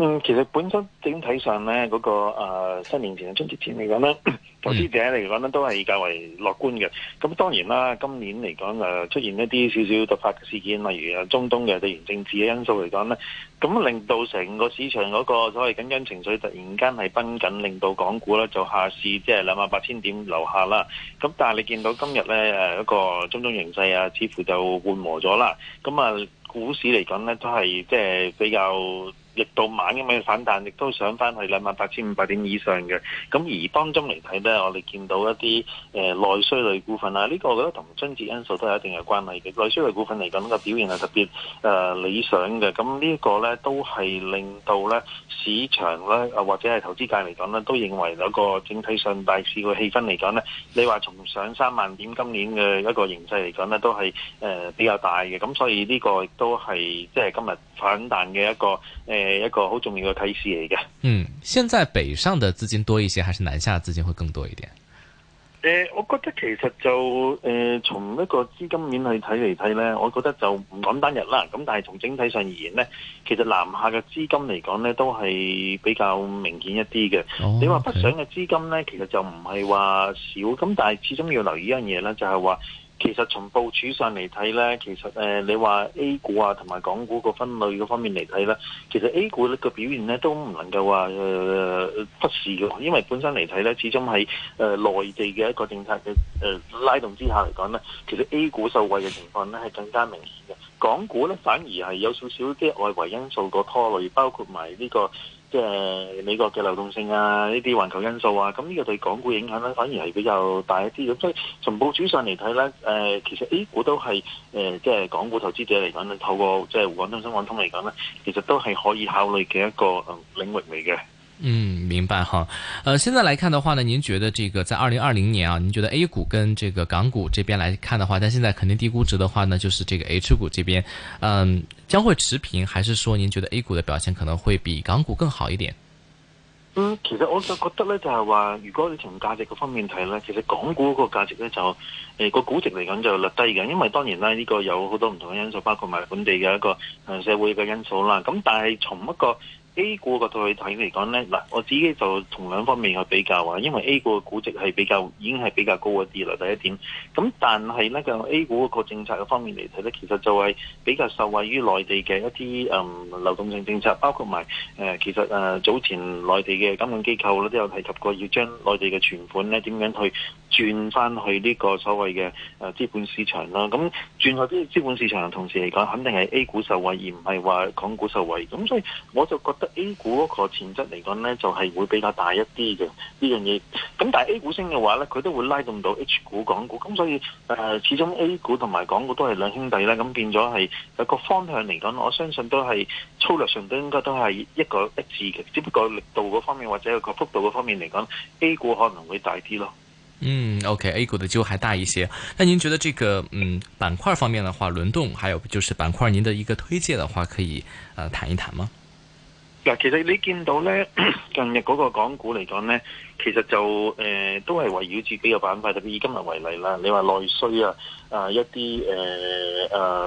嗯，其實本身整體上咧，嗰、那個、呃、新年前嘅春節前嚟講咧，投資者嚟講咧都係較為樂觀嘅。咁當然啦，今年嚟講誒出現一啲少少突發嘅事件，例如誒中東嘅地緣政治嘅因素嚟講咧，咁令到成個市場嗰個所謂的緊張情緒突然間係繃緊，令到港股咧就下市，即係兩萬八千點樓下啦。咁但係你見到今日咧誒一個中東形勢啊，似乎就緩和咗啦。咁啊，股市嚟講咧都係即係比較。亦到晚咁樣反彈，亦都上翻去兩萬八千五百點以上嘅。咁而當中嚟睇呢，我哋見到一啲誒、呃、內需類股份啊，呢、這個我覺得同經濟因素都有一定嘅關係嘅。內需類股份嚟講嘅、這個、表現係特別誒、呃、理想嘅。咁呢個呢，都係令到呢市場咧，或者係投資界嚟講呢，都認為有一個整體上大市嘅氣氛嚟講呢。你話從上三萬點今年嘅一個形勢嚟講呢，都係誒、呃、比較大嘅。咁所以呢個亦都係即係今日反彈嘅一個誒。呃係一個好重要嘅提示嚟嘅。嗯，現在北上嘅資金多一些，還是南下的資金會更多一點？誒、呃，我覺得其實就誒、呃，從一個資金面去睇嚟睇呢，我覺得就唔講單，單日啦。咁但係從整體上而言呢，其實南下嘅資金嚟講呢，都係比較明顯一啲嘅。Oh, okay. 你話北上嘅資金呢，其實就唔係話少，咁但係始終要留意一樣嘢啦，就係話。其實從部署上嚟睇咧，其實誒、呃、你話 A 股啊同埋港股個分類嗰方面嚟睇咧，其實 A 股嘅表現咧都唔能夠話誒忽視嘅，因為本身嚟睇咧，始終喺誒、呃、內地嘅一個政策嘅誒、呃、拉動之下嚟講咧，其實 A 股受惠嘅情況咧係更加明顯嘅，港股咧反而係有少少啲外圍因素個拖累，包括埋、這、呢個。即係美國嘅流動性啊，呢啲環球因素啊，咁呢個對港股影響咧，反而係比較大一啲咁。所以從佈局上嚟睇咧，誒、呃、其實 A 股都係誒，即、呃、係、就是、港股投資者嚟講，透過即係滬港通、深港通嚟講咧，其實都係可以考慮嘅一個領域嚟嘅。嗯，明白哈，呃，現在來看的話呢，您覺得這個在二零二零年啊，您覺得 A 股跟這個港股這邊來看的話，但現在肯定低估值的話呢，就是這個 H 股這邊，嗯、呃，將會持平，還是說您覺得 A 股的表現可能會比港股更好一點？嗯，其實我就覺得呢，就係、是、話，如果你從價值嗰方面睇呢，其實港股嗰個價值呢，就，誒、呃、個估值嚟講就略低嘅，因為當然啦呢、這個有好多唔同嘅因素，包括埋本地嘅一個社會嘅因素啦，咁但係從一個。A 股個角度睇嚟講呢，嗱，我自己就從兩方面去比較啊，因為 A 股嘅估值係比較，已經係比較高一啲啦。第一點，咁但係呢就 A 股個政策嘅方面嚟睇呢，其實就係比較受惠於內地嘅一啲誒、嗯、流動性政策，包括埋誒，其實誒早前內地嘅金融機構咧都有提及過，要將內地嘅存款呢點樣去轉翻去呢個所謂嘅誒資本市場啦。咁轉去啲資本市場同時嚟講，肯定係 A 股受惠，而唔係話港股受惠。咁所以我就覺得。A 股嗰個潛質嚟講呢，就係會比較大一啲嘅呢樣嘢。咁但係 A 股升嘅話呢，佢都會拉動到 H 股港股。咁所以誒、呃，始終 A 股同埋港股都係兩兄弟啦。咁變咗係一個方向嚟講，我相信都係粗略上都應該都係一個一致嘅。只不過力度嗰方面或者個幅度嗰方面嚟講，A 股可能會大啲咯。嗯，OK，A 股嘅機會還大一些。那您覺得這個嗯板塊方面的話輪動，還有就是板塊您的一個推介的話，可以誒、呃、談一談嗎？嗱，其實你見到呢，近日嗰個港股嚟講呢，其實就誒、呃、都係圍繞住幾個板塊，特別以今日為例啦。你話內需呀、啊啊，一啲誒、呃啊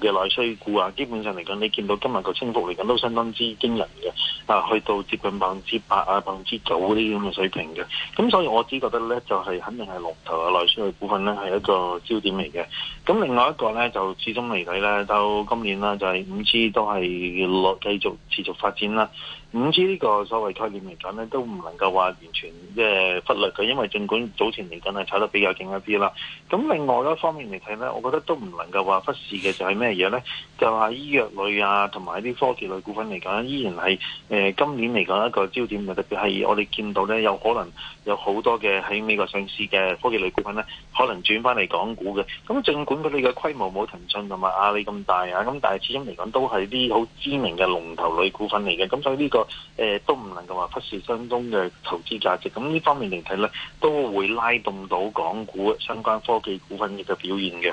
嘅內需股啊，基本上嚟講，你見到今日個升幅嚟講都相當之驚人嘅，啊，去到接近百分之八啊、百分之九嗰啲咁嘅水平嘅，咁所以我只覺得咧，就係、是、肯定係龍頭啊、內需嘅股份咧，係一個焦點嚟嘅。咁另外一個咧，就始終嚟睇咧，到今年啦，就係、是、5G 都係落繼續持續發展啦。五 G 呢個所謂概念嚟講呢，都唔能夠話完全即、呃、忽略佢，因為儘管早前嚟講係炒得比較勁一啲啦。咁另外一方面嚟睇呢，我覺得都唔能夠話忽視嘅就係咩嘢呢？就係醫藥類啊，同埋啲科技類股份嚟講，依然係、呃、今年嚟講一個焦點嘅。特別係我哋見到呢，有可能有好多嘅喺美國上市嘅科技類股份呢，可能轉翻嚟港股嘅。咁儘管佢哋嘅規模冇騰訊同埋阿里咁大啊，咁但係始終嚟講都係啲好知名嘅龍頭類股份嚟嘅。咁所以呢、呢個誒，都唔能夠話忽視相當嘅投資價值，咁呢方面嚟睇咧，都會拉動到港股相關科技股份嘅表現嘅。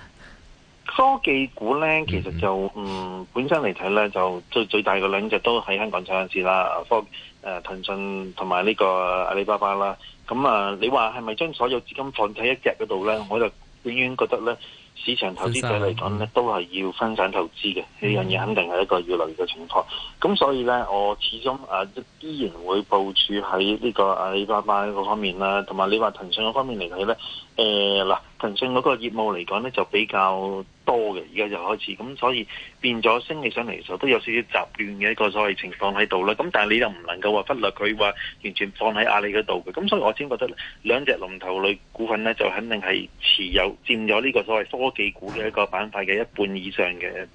科技股咧，其實就嗯本身嚟睇咧，就最最大嘅兩隻都喺香港上市啦，科誒騰訊同埋呢個阿里巴巴啦。咁啊，你話係咪將所有資金放喺一隻嗰度咧？我就永遠覺得咧，市場投資者嚟講咧，上都係要分散投資嘅。呢樣嘢肯定係一個越嚟越嘅情況。咁所以咧，我始終誒、呃、依然會部署喺呢個阿里巴巴嗰方面啦，同埋你話騰訊嗰方面嚟睇咧，誒嗱騰訊嗰個業務嚟講咧，就比較多嘅，而家就開始咁，所以變咗升起上嚟，就都有少少雜亂嘅一個所謂情況喺度啦。咁但係你又唔能夠話忽略佢話完全放喺阿里嗰度嘅。咁所以我先覺得呢兩隻龍頭類股份咧，就肯定係持有佔咗呢個所謂科技股嘅一個板塊嘅一半以上嘅。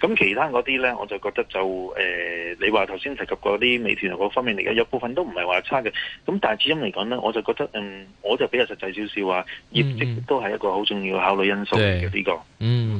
咁其他嗰啲咧，我就覺得就誒、呃，你話頭先提及過啲美團嗰方面嚟嘅，有部分都唔係話差嘅。咁但係始終嚟講咧，我就覺得嗯，我就比較實際少少話，業績、嗯、都係一個好重要考慮因素嘅呢是、呢個，嗯。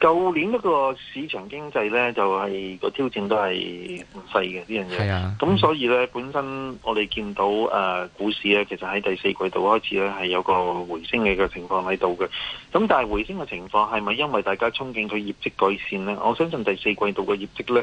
舊年個市場經濟呢，就係、是個挑戰都係唔細嘅呢樣嘢。咁的所以呢，本身我哋見到誒、呃、股市呢，其實喺第四季度開始呢，係有個回升嘅個情況喺度嘅。咁但係回升嘅情況係咪因為大家憧憬佢業績改善呢？我相信第四季度嘅業績呢，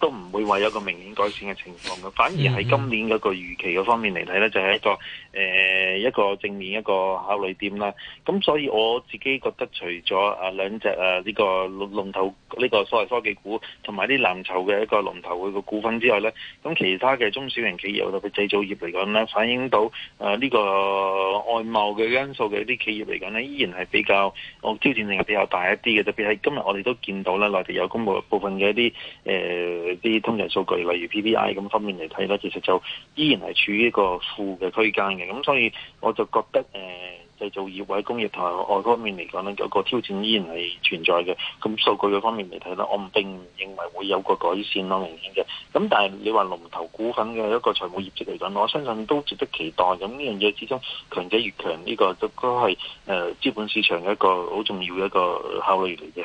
都唔會話有一個明顯改善嘅情況嘅，反而係今年嗰個預期嘅方面嚟睇咧，就係、是、一個誒、呃、一個正面一個考慮點啦。咁所以我自己覺得除，除咗啊兩隻啊呢、這個龍頭呢、這個所謂科技股同埋啲藍籌嘅一個龍頭會嘅股份之外咧，咁其他嘅中小型企業業，特別製造業嚟講咧，反映到誒呢、呃這個外貿嘅因素嘅一啲企業嚟講咧，依然係比較我、哦、挑戰性係比較大一啲嘅。特別係今日我哋都見到呢，內地有公佈部分嘅一啲啲通脹數據，例如 PPI 咁方面嚟睇咧，其實就依然係處於一個負嘅區間嘅。咁所以我就覺得誒、呃，製造業、位工業同埋外方面嚟講呢有、呢個挑戰依然係存在嘅。咁數據嘅方面嚟睇咧，我唔並認為會有個改善咯，明顯嘅。咁但係你話龍頭股份嘅一個財務業績嚟講，我相信都值得期待。咁呢樣嘢始終，強者越強呢、呢個都都係誒資本市場一個好重要嘅一個考慮嚟嘅。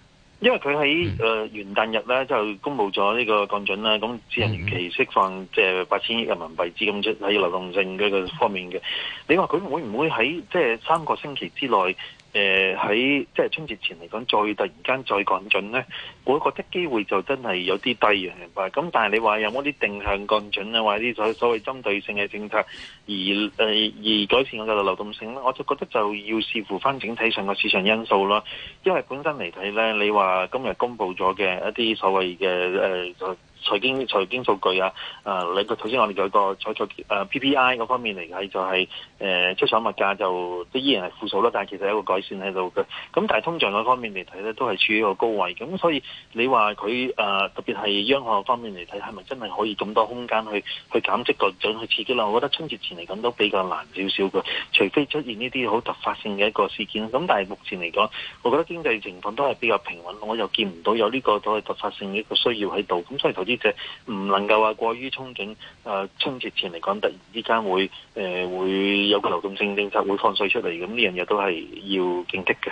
因為佢喺誒元旦日咧就公佈咗呢個降準啦，咁只能預期釋放即係八千億人民幣資金出喺流動性嘅個方面嘅。你話佢會唔會喺即係三個星期之內？誒喺即係春節前嚟講，再突然間再降準咧，我覺得機會就真係有啲低嘅，咁但係你話有冇啲定向降準啊？或者啲所所謂的針對性嘅政策而誒而改善我哋嘅流動性咧，我就覺得就要視乎翻整體上嘅市場因素咯，因為本身嚟睇咧，你話今日公布咗嘅一啲所謂嘅誒。呃財經財經數據啊，誒、啊，你個頭先、啊、我哋有個財財 PPI 嗰方面嚟睇、就是，就係誒出廠物價就都依然係負數啦，但係其實有一個改善喺度嘅。咁但係通脹嗰方面嚟睇咧，都係處於一個高位。咁所以你話佢誒特別係央行方面嚟睇，係咪真係可以咁多空間去去減息降準去刺激咧？我覺得春節前嚟講都比較難少少嘅，除非出現呢啲好突發性嘅一個事件。咁但係目前嚟講，我覺得經濟情況都係比較平穩，我又見唔到有呢個所謂突發性嘅一個需要喺度。咁所以投呢只唔能夠話過於憧憬，誒春節前嚟講，突然之間會誒、呃、會有個流動性政、政策會放水出嚟，咁呢樣嘢都係要警惕嘅。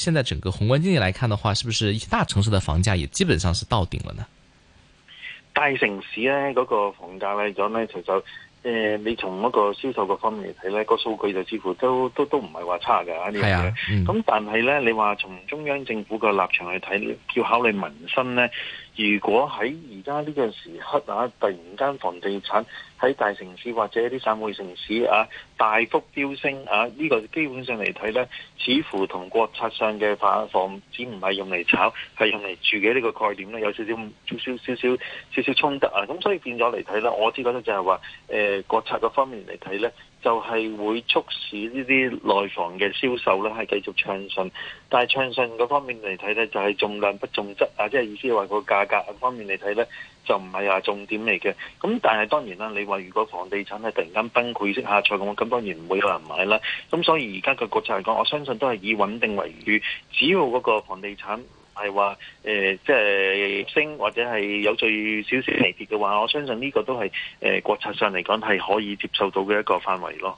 現在整個宏觀經濟來看的話，是不是一些大城市的房價也基本上是到頂了呢？大城市呢，嗰個房價嚟講呢，其實、呃、你從嗰個銷售各方面嚟睇呢，個數據就似乎都都都唔係話差噶呢樣嘢。咁、係啊嗯、但係呢，你話從中央政府個立場去睇，要考慮民生呢。如果喺而家呢個時刻啊，突然間房地產喺大城市或者啲省會城市啊大幅飆升啊，呢個基本上嚟睇咧，似乎同國策上嘅房房子唔係用嚟炒，係用嚟住嘅呢個概念咧，有少少少少少少少少衝突啊，咁所以變咗嚟睇呢，我覺得就係話誒國策嗰方面嚟睇咧。就係會促使呢啲內房嘅銷售咧，係繼續暢順。但係暢順嗰方面嚟睇咧，就係重量不重質啊，即係意思話個價格嗰方面嚟睇咧，就唔係話重點嚟嘅。咁但係當然啦，你話如果房地產係突然間崩潰式下挫咁，咁當然唔會有人買啦。咁所以而家嘅國策嚟講，我相信都係以穩定為主，只要嗰個房地產。係話誒，即係、呃就是、升或者係有最少少微跌嘅話，我相信呢個都係誒、呃、國策上嚟講係可以接受到嘅一個範圍咯。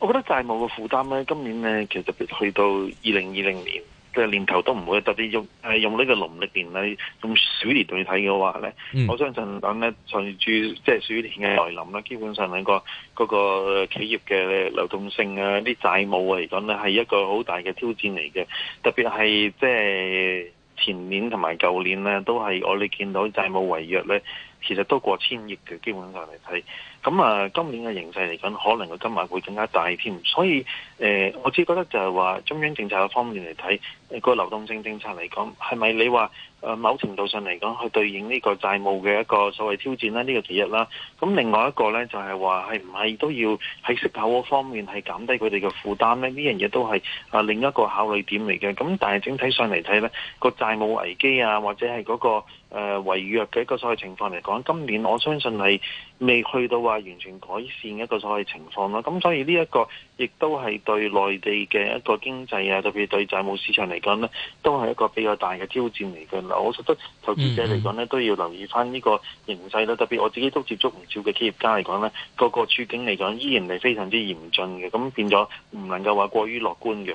我覺得債務嘅負擔咧，今年咧其實特別去到二零二零年嘅年頭都唔會，特別用誒用呢個農曆年嚟用鼠年嚟睇嘅話咧，嗯、我相信等咧隨住即係鼠年嘅來臨咧，基本上兩、嗰個嗰、嗰個、企業嘅流動性啊、啲債務啊嚟講咧，係一個好大嘅挑戰嚟嘅。特別係即係前年同埋舊年咧，都係我哋見到債務違約咧，其實都過千億嘅，基本上嚟睇。咁啊，今年嘅形勢嚟講，可能個金額會更加大添，所以誒、呃，我只覺得就係話中央政策嘅方面嚟睇。個流動性政策嚟講，係咪你話誒某程度上嚟講，去對應呢個債務嘅一個所謂挑戰呢？呢、呢個第一啦，咁另外一個呢，就係話係唔係都要喺息口方面係減低佢哋嘅負擔呢？呢樣嘢都係啊另一個考慮點嚟嘅。咁但係整體上嚟睇呢、個債務危機啊，或者係嗰、個誒違約嘅一個所謂情況嚟講，今年我相信係未去到話完全改善一個所謂情況啦。咁所以呢、呢、一個。亦都係對內地嘅一個經濟啊，特別對債務市場嚟講咧，都係一個比較大嘅挑戰嚟嘅。嗱，我覺得投資者嚟講咧，都要留意翻呢個形勢啦、啊。特別我自己都接觸唔少嘅企業家嚟講咧，個、那個處境嚟講依然係非常之嚴峻嘅，咁變咗唔能夠話過於樂觀嘅。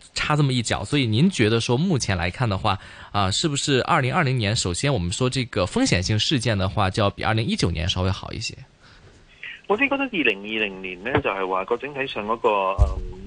差這麼一腳，所以您覺得說目前來看的話，啊，是不是二零二零年？首先，我們說這個風險性事件的話，就要比二零一九年稍微好一些。我先覺得二零二零年呢，就係話個整體上嗰、那個誒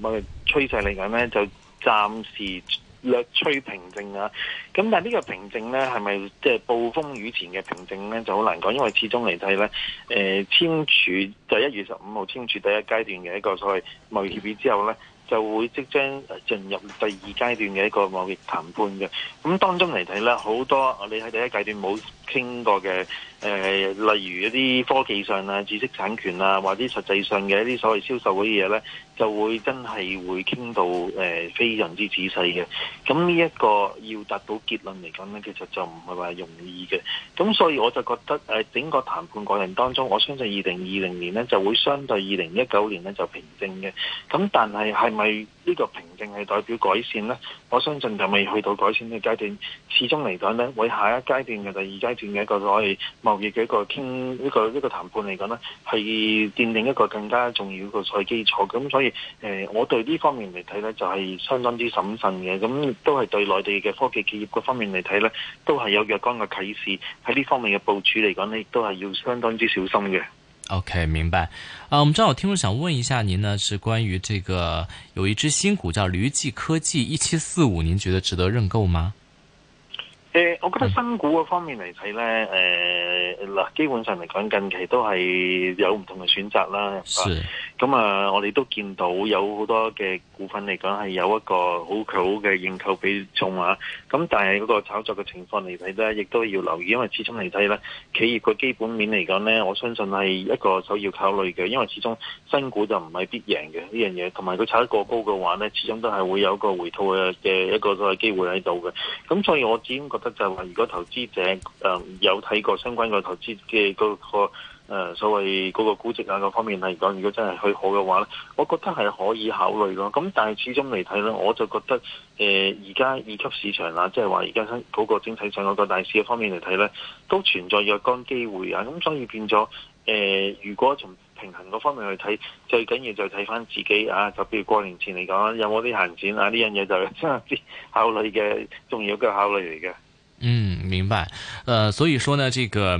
貿易趨勢嚟講呢，就暫時略趨平靜啊。咁但係呢個平靜呢，係咪即係暴風雨前嘅平靜呢，就好難講，因為始終嚟睇呢，誒簽署就一月十五號簽署第一階段嘅一個所謂貿易協議之後呢。就會即將進入第二階段嘅一個貿易談判嘅，咁當中嚟睇呢，好多你喺第一階段冇傾過嘅，誒、呃，例如一啲科技上啊、知識產權啊，或者實際上嘅一啲所謂銷售嗰啲嘢呢。就會真係會傾到誒非常之仔細嘅，咁呢一個要達到結論嚟講呢，其實就唔係話容易嘅，咁所以我就覺得誒整個談判過程當中，我相信二零二零年呢就會相對二零一九年呢就平靜嘅，咁但係係咪呢個平靜係代表改善呢？我相信就未去到改善嘅階段，始終嚟講呢，為下一階段嘅第二階段嘅一個所謂貿易嘅一個傾、這個這個這個、呢個呢個談判嚟講呢，係奠定一個更加重要嘅在基礎，咁所以。誒、呃，我對呢方面嚟睇呢，就係、是、相當之審慎嘅。咁都係對內地嘅科技企業嗰方面嚟睇呢，都係有若干嘅啟示。喺呢方面嘅部署嚟講呢，亦都係要相當之小心嘅。OK，明白。啊，我們正好聽眾想問一下您呢，是關於這個有一支新股叫驢跡科技一七四五，您覺得值得認購嗎？誒、呃，我覺得新股嘅方面嚟睇呢，誒嗱、嗯呃，基本上嚟講，近期都係有唔同嘅選擇啦。是。咁啊，我哋都見到有好多嘅股份嚟講，係有一個好高嘅認購比重啊！咁但係嗰個炒作嘅情況嚟睇咧，亦都要留意，因為始終嚟睇咧，企業嘅基本面嚟講咧，我相信係一個首要考慮嘅，因為始終新股就唔係必贏嘅呢樣嘢，同埋佢炒得過高嘅話咧，始終都係會有一個回吐嘅嘅一個再機會喺度嘅。咁所以我始終覺得就係、話、如果投資者誒、嗯、有睇過相關嘅投資嘅嗰個。誒，所謂嗰個估值啊，各方面嚟講，如果真係去好嘅話咧，我覺得係可以考慮咯。咁但係始終嚟睇咧，我就覺得誒，而家二級市場啊，即係話而家嗰個整體上嗰個大市嘅方面嚟睇咧，都存在若干機會啊。咁所以變咗誒、呃，如果從平衡嗰方面去睇，最緊要就睇翻自己啊。就譬如過年前嚟講，有冇啲閒錢啊？呢樣嘢就真係啲考慮嘅重要嘅考慮嚟嘅。嗯，明白。誒、呃，所以說呢，呢個。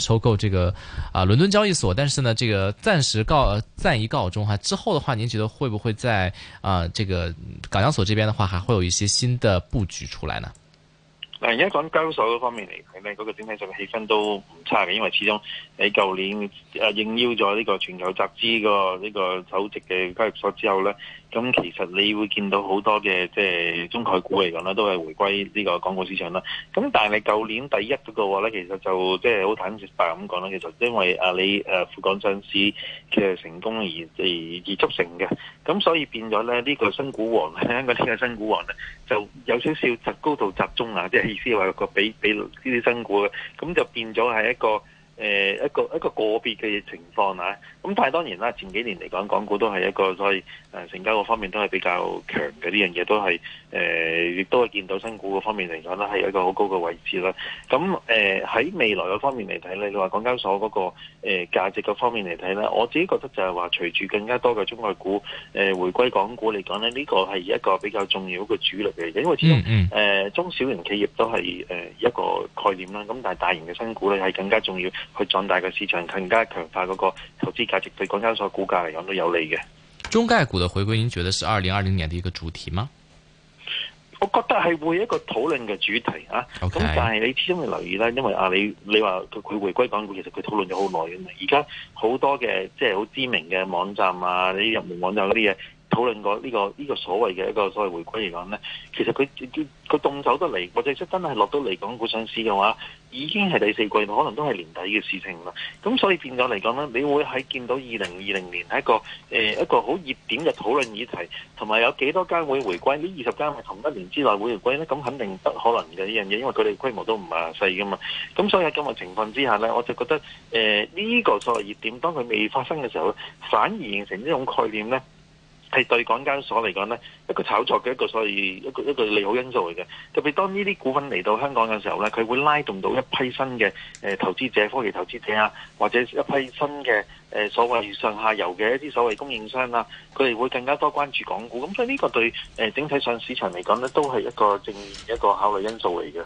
收購這個啊倫敦交易所，但是呢，這個暫時告暫一告終哈。之後的話，您覺得會不會在啊、呃、這個港交所這邊的話，還會有一些新的布局出來呢？嗱，而家講交所方面嚟睇呢，嗰、嗰個整體上嘅氣氛都唔差嘅，因為始終你舊年誒應邀咗呢個全球集資個呢個首席嘅交易所之後呢。咁其實你會見到好多嘅即係中概股嚟講咧，都係回歸呢個港股市場啦。咁但係你舊年第一嗰話咧，其實就即係好坦白咁講啦，其實因為阿里誒赴港上市嘅成功而而而促成嘅。咁所以變咗咧，呢個新股王咧，我呢個新股王咧，就有少少集高度集中啊，即係意思話個畀畀呢啲新股嘅，咁就變咗係一個誒一個一個個別嘅情況啊。咁但係當然啦，前幾年嚟講，港股都係一個，所以、呃、成交個方面都係比較強嘅呢樣嘢，都係誒亦都係見到新股個方面嚟講啦，係一個好高嘅位置啦。咁誒喺未來個方面嚟睇咧，你話港交所嗰個誒價值個方面嚟睇咧，我自己覺得就係話隨住更加多嘅中外股誒、呃、回歸港股嚟講咧，呢、這個係一個比較重要嘅主力嚟嘅，因為始終誒、mm hmm. 呃、中小型企業都係誒、呃、一個概念啦。咁但係大型嘅新股咧係更加重要去壯大嘅市場，更加強化嗰個投資。價值對港交所股價嚟講都有利嘅，中概股嘅回歸，您覺得是二零二零年的一個主題嗎？我覺得係會一個討論嘅主題啊，咁 Okay. 但係你始終要留意啦，因為啊，你你話佢回歸港股，其實佢討論咗好耐嘅，而家好多嘅即係好知名嘅網站啊，你入門網站嗰啲嘢。討論過呢、呢個呢、呢個所謂嘅一個所謂回歸嚟講呢，其實佢佢佢動得嚟，或者真係落到嚟港股上市嘅話，已經係第四季，可能都係年底嘅事情啦。咁所以變咗嚟講呢，你會喺見到二零二零年係一個誒、呃、一個好熱點嘅討論議題，同埋有幾多間會回歸？呢二十間係同一年之內會回歸呢，咁肯定不可能嘅呢樣嘢，因為佢哋規模都唔係細噶嘛。咁所以喺咁嘅情況之下呢，我就覺得誒呢、呃呢個所謂熱點，當佢未發生嘅時候，反而形成呢種概念呢。係對港交所嚟講呢，一個炒作嘅一個所謂一個一個利好因素嚟嘅，特別當呢啲股份嚟到香港嘅時候呢，佢會拉動到一批新嘅誒投資者、科技投資者啊，或者一批新嘅誒所謂上下游嘅一啲所謂供應商啊，佢哋會更加多關注港股。咁所以呢個對、呃、整體上市場嚟講呢都係一個正一個考慮因素嚟嘅。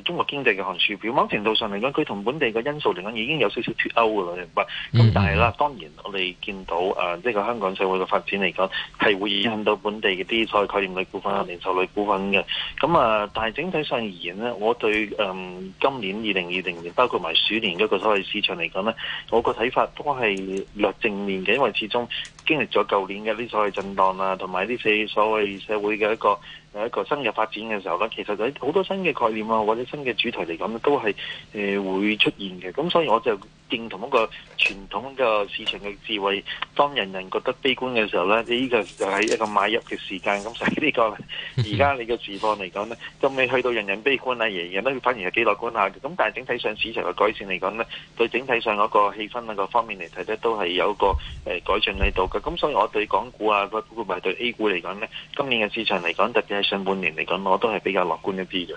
中國經濟嘅寒暑表，某程度上嚟講，佢同本地嘅因素嚟講，已經有少少脫歐噶啦，明白、嗯嗯。咁但係啦，當然我哋見到誒，即、啊、係、就是、香港社會嘅發展嚟講，係會影響到本地嘅啲所謂概念類股份、零售類股份嘅。咁、嗯、啊，但係整體上而言呢，我對誒、嗯、今年二零二零年，包括埋鼠年嗰個所謂市場嚟講呢，我個睇法都係略正面嘅，因為始終經歷咗舊年嘅啲所謂震盪啊，同埋呢啲所謂社會嘅一個。係一個新嘅發展嘅時候咧，其實就好多新嘅概念啊，或者新嘅主題嚟講咧，都係誒、呃、會出現嘅。咁所以我就，認同一個傳統嘅市場嘅智慧，當人人覺得悲觀嘅時候呢，呢，呢個就係一個買入嘅時間。咁。所以呢個而家你嘅市況嚟講呢，咁未去到人人悲觀啊，人人都反而係幾樂觀下。咁但係整體上市場嘅改善嚟講呢，對整體上嗰個氣氛嗰個方面嚟睇呢，都係有個誒改善喺度嘅。咁所以我對港股啊，包括埋對 A 股嚟講呢，今年嘅市場嚟講，特別係上半年嚟講，我都係比較樂觀一啲嘅。